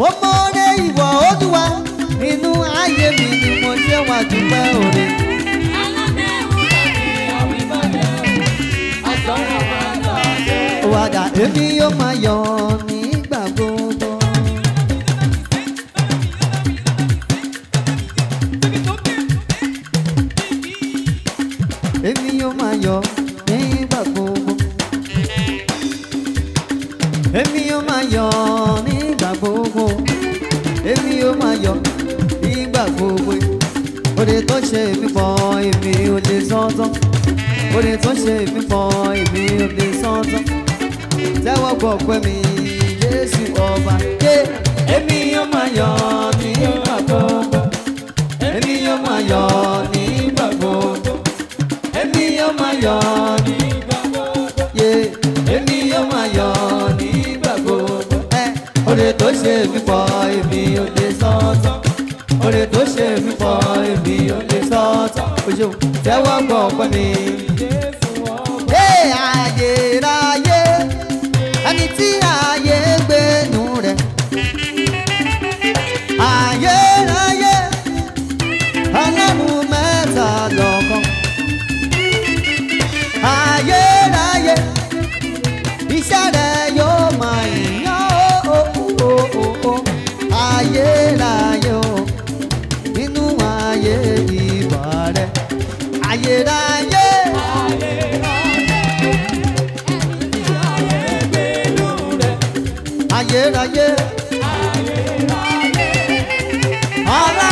mo mọ oore ìwọ Olúwa nínú ayé mi ni mo ṣe wà dúpẹ́ oore. wàdà èmi yóò máa yọ̀ nígbà gbogbo. èmi yóò máa yọ̀ nígbà gbogbo. èmi yóò máa yọ̀ gbogbo èmi ó máa yọ̀ nígbà gbogbo òde tó ṣe mí fọ́ èmi ò lè sọ́tán òde tó ṣe mí fọ́ èmi ò lè sọ́tán tẹ́wọ́ gbọ́ pẹ́ mi Jésù ọba yé èmi ó máa yọ̀ nígbà gbogbo èmi ó máa yọ̀ nígbà gbogbo èmi ó máa yọ̀. oore tó ṣe mí pọ̀ èmi ò lè sọ tán oore tó ṣe mí pọ̀ èmi ò lè sọ tán o ṣeun tẹ́wọ́ gbọ́ ọ̀pọ̀ ni. ayérayé ìbọn rẹ ayérayé. ayérayé. ayérayé. ayérayé.